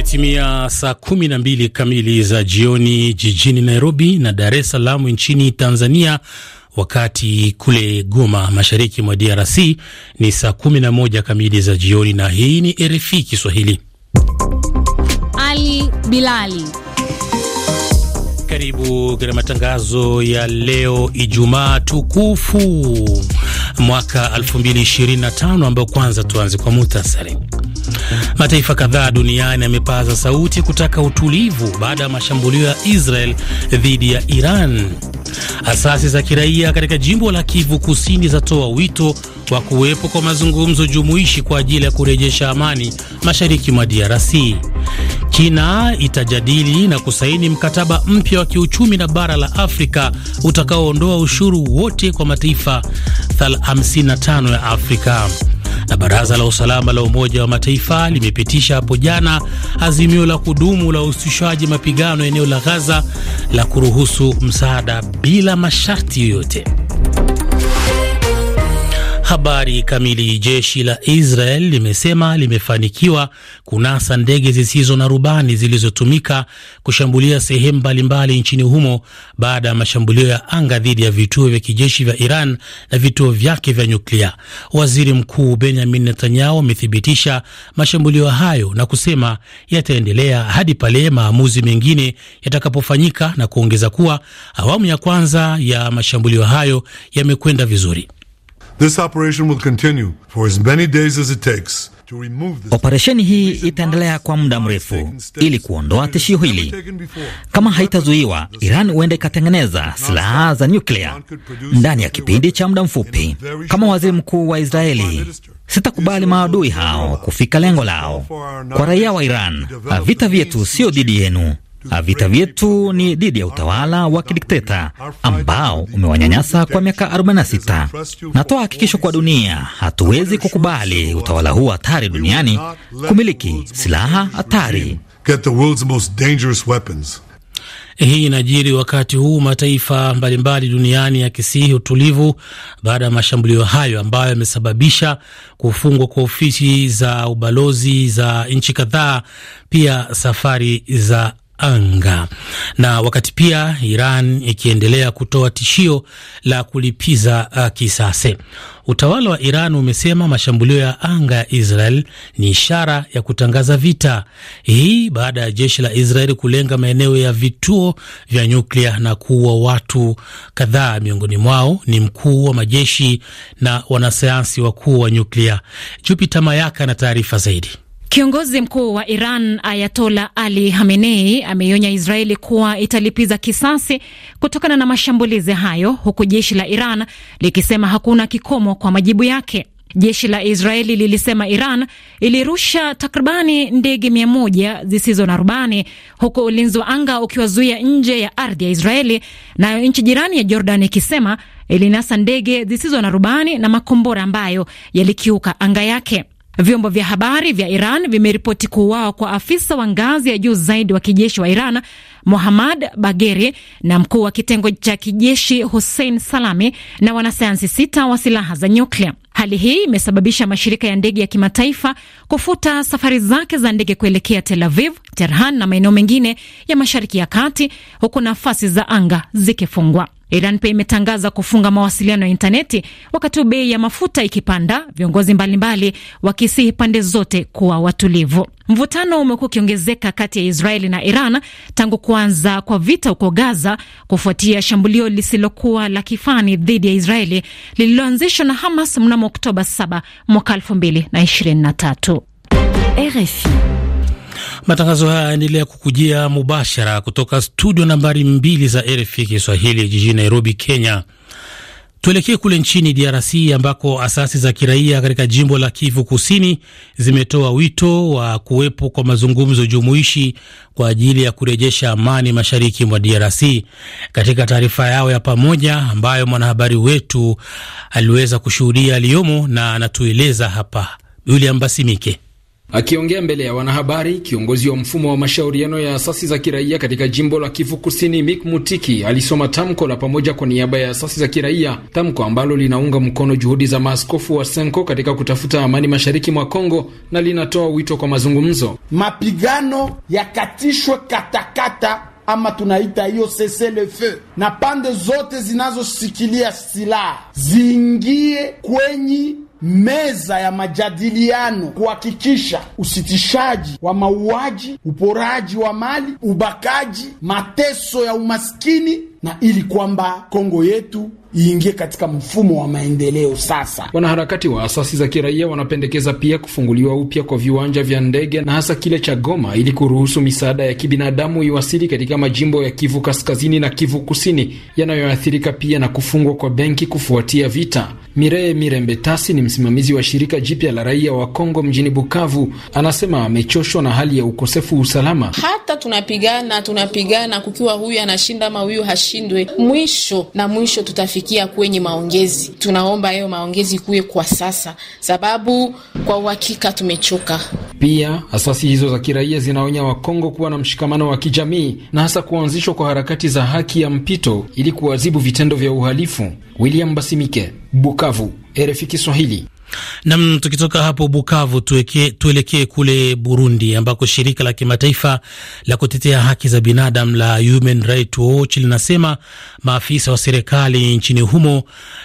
Imetimia saa 12 kamili za jioni jijini Nairobi na Dar es Salaam nchini Tanzania, wakati kule Goma mashariki mwa DRC ni saa 11 kamili za jioni, na hii ni RFI Kiswahili. Ali Bilali karibu katika matangazo ya leo Ijumaa tukufu mwaka 2025 ambayo kwanza tuanze kwa muhtasari. Mataifa kadhaa duniani yamepaza sauti kutaka utulivu baada ya mashambulio ya Israel dhidi ya Iran. Asasi za kiraia katika jimbo la Kivu Kusini zatoa wito wa kuwepo kwa mazungumzo jumuishi kwa ajili ya kurejesha amani mashariki mwa DRC. China itajadili na kusaini mkataba mpya wa kiuchumi na bara la Afrika utakaoondoa ushuru wote kwa mataifa 55 ya Afrika na Baraza la Usalama la Umoja wa Mataifa limepitisha hapo jana azimio la kudumu la usitishaji mapigano eneo la Gaza la kuruhusu msaada bila masharti yoyote. Habari kamili. Jeshi la Israel limesema limefanikiwa kunasa ndege zisizo na rubani zilizotumika kushambulia sehemu mbalimbali nchini humo baada ya mashambulio ya anga dhidi ya vituo vya kijeshi vya Iran na vituo vyake vya nyuklia. Waziri Mkuu Benjamin Netanyahu amethibitisha mashambulio hayo na kusema yataendelea hadi pale maamuzi mengine yatakapofanyika na kuongeza kuwa awamu ya kwanza ya mashambulio hayo yamekwenda vizuri. This operation will continue for as many days as it takes. Operesheni hii itaendelea kwa muda mrefu ili kuondoa tishio hili. Kama haitazuiwa, Iran huenda ikatengeneza silaha za nyuklia ndani ya kipindi cha muda mfupi. Kama waziri mkuu wa Israeli, sitakubali maadui hao kufika lengo lao. Kwa raia wa Iran, vita vyetu sio dhidi yenu Vita vyetu ni dhidi ya utawala wa kidikteta ambao umewanyanyasa kwa miaka 46. Natoa hakikisho kwa dunia, hatuwezi kukubali utawala huu hatari duniani kumiliki silaha hatari. Hii inajiri wakati huu mataifa mbalimbali duniani yakisihi utulivu baada ya mashambulio hayo ambayo yamesababisha kufungwa kwa ofisi za ubalozi za nchi kadhaa, pia safari za anga. Na wakati pia Iran ikiendelea kutoa tishio la kulipiza uh, kisasi, utawala wa Iran umesema mashambulio ya anga ya Israel ni ishara ya kutangaza vita, hii baada ya jeshi la israel kulenga maeneo ya vituo vya nyuklia na kuua watu kadhaa, miongoni mwao ni mkuu wa majeshi na wanasayansi wakuu wa nyuklia. Jupiter Mayaka na taarifa zaidi. Kiongozi mkuu wa Iran Ayatola Ali Hamenei ameionya Israeli kuwa italipiza kisasi kutokana na mashambulizi hayo, huku jeshi la Iran likisema hakuna kikomo kwa majibu yake. Jeshi la Israeli lilisema Iran ilirusha takribani ndege mia moja zisizo na rubani huku ulinzi wa anga ukiwazuia nje ya ardhi ya Israeli, nayo nchi jirani ya Jordan ikisema ilinasa ndege zisizo na rubani na makombora ambayo yalikiuka anga yake. Vyombo vya habari vya Iran vimeripoti kuuawa kwa afisa wa ngazi ya juu zaidi wa kijeshi wa Iran Mohammad Bagheri na mkuu wa kitengo cha kijeshi Hussein Salami na wanasayansi sita wa silaha za nyuklia. Hali hii imesababisha mashirika ya ndege ya kimataifa kufuta safari zake za ndege kuelekea Tel Aviv, Tehran na maeneo mengine ya Mashariki ya Kati, huku nafasi za anga zikifungwa. Iran pia imetangaza kufunga mawasiliano ya intaneti, wakati bei ya mafuta ikipanda, viongozi mbalimbali wakisihi pande zote kuwa watulivu. Mvutano umekuwa ukiongezeka kati ya Israeli na Iran tangu kuanza kwa vita huko Gaza kufuatia shambulio lisilokuwa la kifani dhidi ya Israeli lililoanzishwa na Hamas mnamo Oktoba 7 mwaka 2023. RFI Matangazo haya yanaendelea kukujia mubashara kutoka studio nambari mbili za RFI Kiswahili jijini Nairobi, Kenya. Tuelekee kule nchini DRC ambako asasi za kiraia katika jimbo la Kivu Kusini zimetoa wito wa kuwepo kwa mazungumzo jumuishi kwa ajili ya kurejesha amani mashariki mwa DRC. Katika taarifa yao ya pamoja ambayo mwanahabari wetu aliweza kushuhudia aliyomo na anatueleza hapa, William Basimike. Akiongea mbele ya wanahabari, kiongozi wa mfumo wa mashauriano ya asasi za kiraia katika jimbo la Kivu Kusini, Mick Mutiki, alisoma tamko la pamoja kwa niaba ya asasi za kiraia, tamko ambalo linaunga mkono juhudi za maaskofu wa Senko katika kutafuta amani mashariki mwa Kongo na linatoa wito kwa mazungumzo. Mapigano yakatishwe katakata ama tunaita hiyo cessez le feu, na pande zote zinazoshikilia silaha ziingie kwenye meza ya majadiliano kuhakikisha usitishaji wa mauaji, uporaji wa mali, ubakaji, mateso ya umaskini na ili kwamba Kongo yetu iingie katika mfumo wa maendeleo. Sasa wanaharakati wa asasi za kiraia wanapendekeza pia kufunguliwa upya kwa viwanja vya ndege na hasa kile cha Goma ili kuruhusu misaada ya kibinadamu iwasili katika majimbo ya Kivu Kaskazini na Kivu Kusini yanayoathirika pia na kufungwa kwa benki kufuatia vita. Mireye Mirembe Tasi ni msimamizi wa shirika jipya la raia wa Kongo mjini Bukavu, anasema amechoshwa na hali ya ukosefu wa usalama. Hata tunapigana tunapigana, kukiwa huyu anashinda ama huyu hashindwe, mwisho na mwisho tutafika kufikia kwenye maongezi. Tunaomba hayo maongezi kuwe kwa sasa, sababu kwa uhakika tumechoka. Pia asasi hizo za kiraia zinaonya Wakongo kuwa na mshikamano wa kijamii na hasa kuanzishwa kwa harakati za haki ya mpito ili kuadhibu vitendo vya uhalifu. William Basimike, Bukavu, RFI Kiswahili. Nam, tukitoka hapo Bukavu tuelekee kule Burundi ambako shirika la kimataifa la kutetea haki za binadamu la Human Rights Watch linasema maafisa wa serikali nchini humo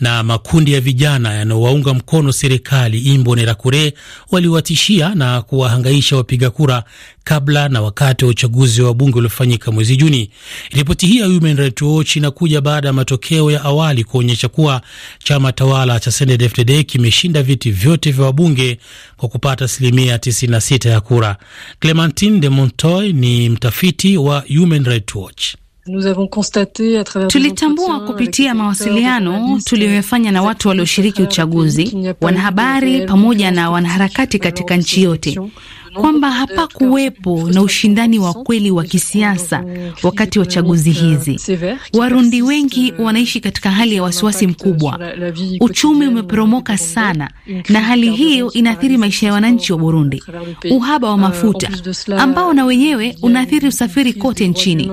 na makundi ya vijana yanaowaunga mkono serikali Imbonerakure waliwatishia na kuwahangaisha wapiga kura kabla na wakati wa uchaguzi wa bunge uliofanyika mwezi Juni. Ripoti hii ya Human Rights Watch inakuja baada ya matokeo ya awali kuonyesha kuwa chama tawala cha CNDD-FDD kimeshinda viti vyote vya wabunge kwa kupata asilimia 96 ya kura. Clementine de Montoy ni mtafiti wa Human Rights Watch. Tulitambua kupitia mawasiliano tuliyoyafanya na watu walioshiriki uchaguzi, wanahabari pamoja na wanaharakati katika nchi yote kwamba hapakuwepo na ushindani wa kweli wa kisiasa wakati wa chaguzi hizi. Warundi wengi wanaishi katika hali ya wasiwasi mkubwa, uchumi umeporomoka sana, na hali hiyo inaathiri maisha ya wananchi wa Burundi. Uhaba wa mafuta ambao na wenyewe unaathiri usafiri kote nchini.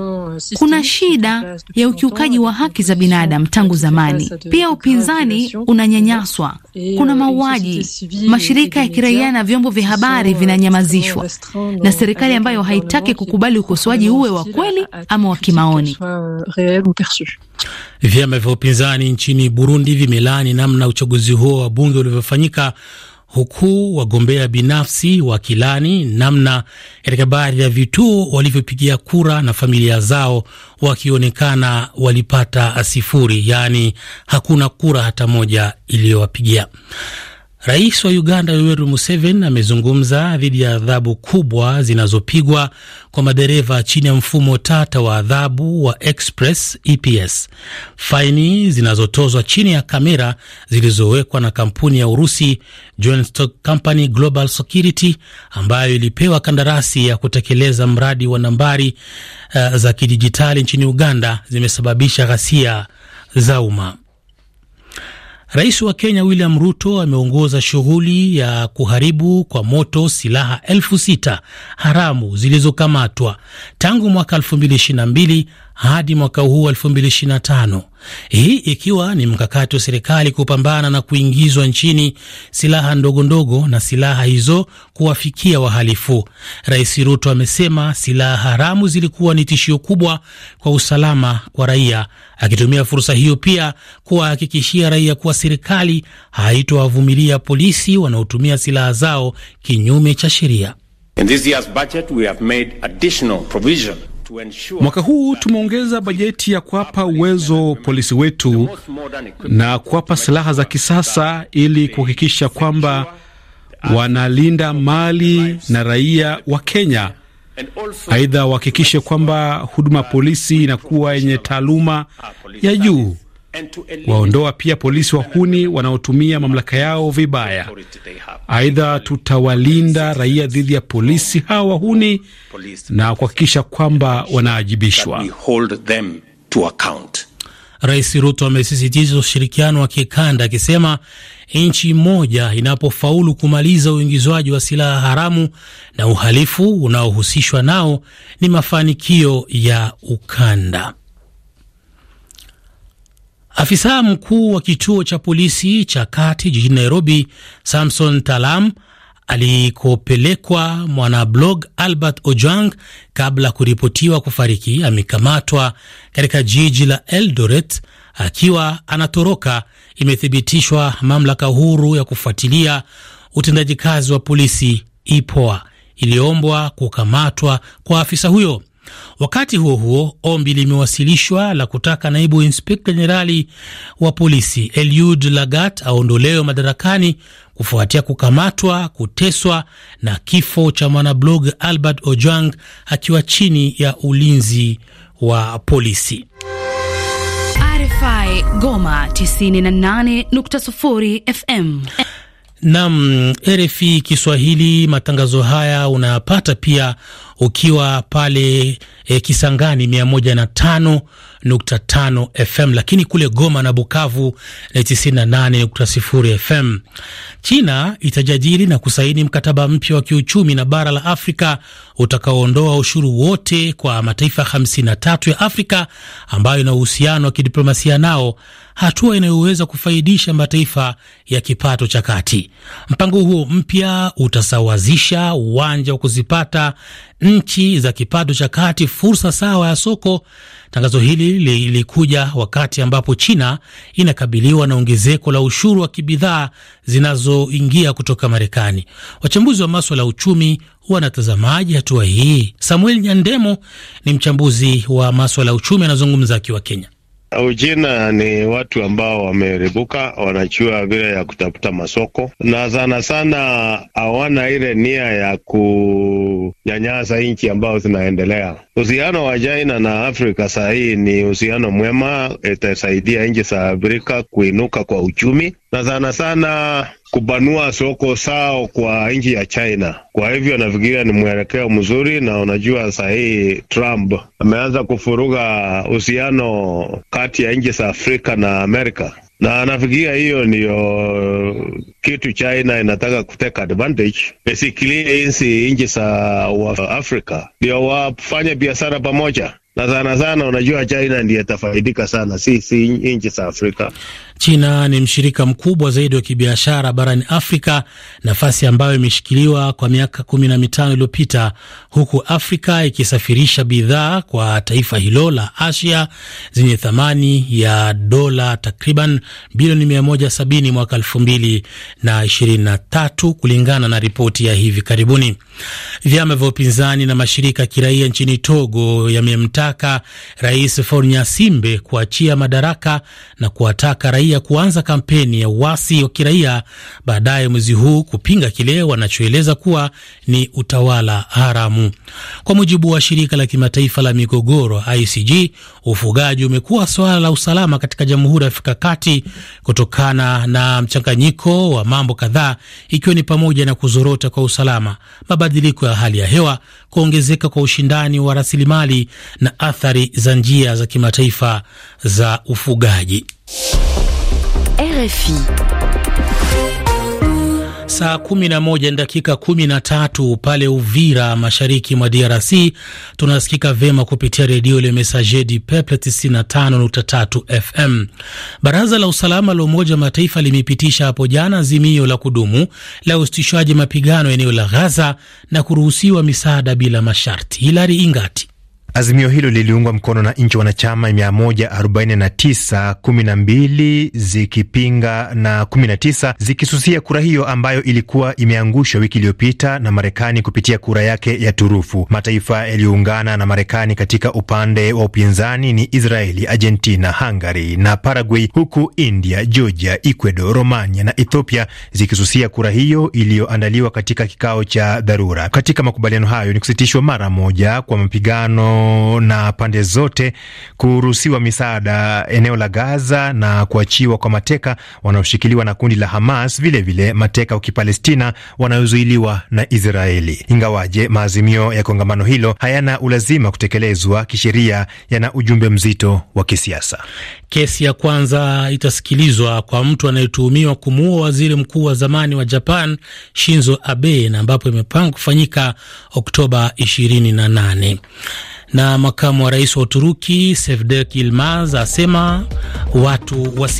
Kuna shida ya ukiukaji wa haki za binadamu tangu zamani. Pia upinzani unanyanyaswa, kuna mauaji, mashirika ya kiraia na vyombo vya habari vinanyamaziwa kuanzishwa na serikali ambayo haitaki kukubali ukosoaji uwe wa kweli ama wa kimaoni. Vyama vya upinzani nchini Burundi vimelaani namna uchaguzi huo wa bunge ulivyofanyika huku wagombea binafsi wakilani namna katika baadhi ya vituo walivyopigia kura na familia zao wakionekana walipata sifuri, yaani hakuna kura hata moja iliyowapigia. Rais wa Uganda Yoweri Museveni amezungumza dhidi ya adhabu kubwa zinazopigwa kwa madereva chini ya mfumo tata wa adhabu wa Express EPS. Faini zinazotozwa chini ya kamera zilizowekwa na kampuni ya Urusi Joint Stock Company Global Security ambayo ilipewa kandarasi ya kutekeleza mradi wa nambari uh, za kidijitali nchini Uganda zimesababisha ghasia za umma. Rais wa Kenya William Ruto ameongoza shughuli ya kuharibu kwa moto silaha elfu sita haramu zilizokamatwa tangu mwaka 2022 hadi mwaka huu 2025 hii ikiwa ni mkakati wa serikali kupambana na kuingizwa nchini silaha ndogo ndogo na silaha hizo kuwafikia wahalifu. Rais Ruto amesema silaha haramu zilikuwa ni tishio kubwa kwa usalama kwa raia, akitumia fursa hiyo pia kuwahakikishia raia kuwa serikali haitowavumilia polisi wanaotumia silaha zao kinyume cha sheria. Mwaka huu tumeongeza bajeti ya kuwapa uwezo polisi wetu na kuwapa silaha za kisasa ili kuhakikisha kwamba wanalinda mali na raia wa Kenya. Aidha, wahakikishe kwamba huduma ya polisi inakuwa yenye taaluma ya juu waondoa pia polisi wahuni wanaotumia mamlaka yao vibaya. Aidha, tutawalinda raia dhidi ya polisi hawa wahuni na kuhakikisha kwamba wanaajibishwa. Rais Ruto amesisitiza ushirikiano wa kikanda akisema nchi moja inapofaulu kumaliza uingizwaji wa silaha haramu na uhalifu unaohusishwa nao ni mafanikio ya ukanda. Afisa mkuu wa kituo cha polisi cha kati jijini Nairobi, Samson Talam, alikopelekwa mwanablog Albert Ojwang kabla ya kuripotiwa kufariki, amekamatwa katika jiji la Eldoret akiwa anatoroka, imethibitishwa mamlaka huru ya kufuatilia utendaji kazi wa polisi IPOA iliyoombwa kukamatwa kwa afisa huyo. Wakati huo huo, ombi limewasilishwa la kutaka naibu inspekta jenerali wa polisi Eliud Lagat aondolewe madarakani kufuatia kukamatwa, kuteswa na kifo cha mwanablog Albert Ojwang akiwa chini ya ulinzi wa polisi. RFI Goma 98.0 FM nam RFI Kiswahili. Matangazo haya unayapata pia ukiwa pale e, Kisangani mia moja na tano nukta tano FM, lakini kule Goma na Bukavu na tisini na nane nukta sifuri FM. China itajadili na kusaini mkataba mpya wa kiuchumi na bara la Afrika utakaoondoa ushuru wote kwa mataifa 53 ya Afrika ambayo ina uhusiano wa kidiplomasia nao, hatua inayoweza kufaidisha mataifa ya kipato cha kati. Mpango huo mpya utasawazisha uwanja wa kuzipata nchi za kipato cha kati fursa sawa ya soko. Tangazo hili lilikuja wakati ambapo China inakabiliwa na ongezeko la ushuru wa kibidhaa zinazoingia kutoka Marekani. Wachambuzi wa maswala ya uchumi wanatazamaji hatua hii? Samuel Nyandemo ni mchambuzi wa maswala ya uchumi, anazungumza akiwa Kenya. Uchina ni watu ambao wameribuka wanajua vile ya kutafuta masoko na sana sana hawana ile nia ya ku kunyanyasa nchi ambayo zinaendelea. Uhusiano wa China na Afrika saa hii ni uhusiano mwema, itasaidia nchi za Afrika kuinuka kwa uchumi na sana sana kupanua soko sao kwa nchi ya China. Kwa hivyo nafikiria ni mwelekeo mzuri, na unajua sahii Trump ameanza kufuruga uhusiano kati ya nchi za Afrika na Amerika na nafikiria hiyo ndiyo uh, kitu China inataka kuteka advantage basically, insi nchi za Afrika ndio wafanye biashara pamoja, na sana sana, unajua China ndiye tafaidika sana, si, si nchi za Afrika. China ni mshirika mkubwa zaidi wa kibiashara barani Afrika, nafasi ambayo imeshikiliwa kwa miaka kumi na mitano iliyopita, huku Afrika ikisafirisha bidhaa kwa taifa hilo la Asia zenye thamani ya dola takriban bilioni 170 mwaka 2023 kulingana na ripoti ya hivi karibuni. Vyama vya upinzani na mashirika ya kiraia nchini Togo yamemtaka Rais Faure kuachia madaraka na kuwataka raia ya kuanza kampeni ya uasi wa kiraia baadaye mwezi huu kupinga kile wanachoeleza kuwa ni utawala haramu. Kwa mujibu wa shirika la kimataifa la migogoro ICG, ufugaji umekuwa swala la usalama katika Jamhuri ya Afrika Kati kutokana na mchanganyiko wa mambo kadhaa, ikiwa ni pamoja na kuzorota kwa usalama, mabadiliko ya hali ya hewa, kuongezeka kwa ushindani wa rasilimali na athari za njia za kimataifa za ufugaji. RFI. Saa 11 na dakika 13 pale Uvira, mashariki mwa DRC. Tunasikika vyema kupitia redio Le Messager du Peuple 95.3 FM. Baraza la Usalama la Umoja wa Mataifa limepitisha hapo jana azimio la kudumu la usitishwaji mapigano eneo la ghaza na kuruhusiwa misaada bila masharti. Hilari Ingati Azimio hilo liliungwa mkono na nchi wanachama 149, 12 zikipinga na 19 zikisusia kura hiyo ambayo ilikuwa imeangushwa wiki iliyopita na Marekani kupitia kura yake ya turufu. Mataifa yaliyoungana na Marekani katika upande wa upinzani ni Israeli, Argentina, Hungary na Paraguay, huku India, Georgia, Ecuador, Romania na Ethiopia zikisusia kura hiyo iliyoandaliwa katika kikao cha dharura. Katika makubaliano hayo ni kusitishwa mara moja kwa mapigano na pande zote kuruhusiwa misaada eneo la Gaza na kuachiwa kwa mateka wanaoshikiliwa na kundi la Hamas, vilevile vile mateka wa Kipalestina wanaozuiliwa na Israeli. Ingawaje maazimio ya kongamano hilo hayana ulazima kutekelezwa kisheria, yana ujumbe mzito wa kisiasa. Kesi ya kwanza itasikilizwa kwa mtu anayetuhumiwa kumuua waziri mkuu wa zamani wa Japan Shinzo Abe na ambapo imepangwa kufanyika Oktoba 28 na makamu wa rais wa Uturuki Sevdek ilmaz asema watu wasi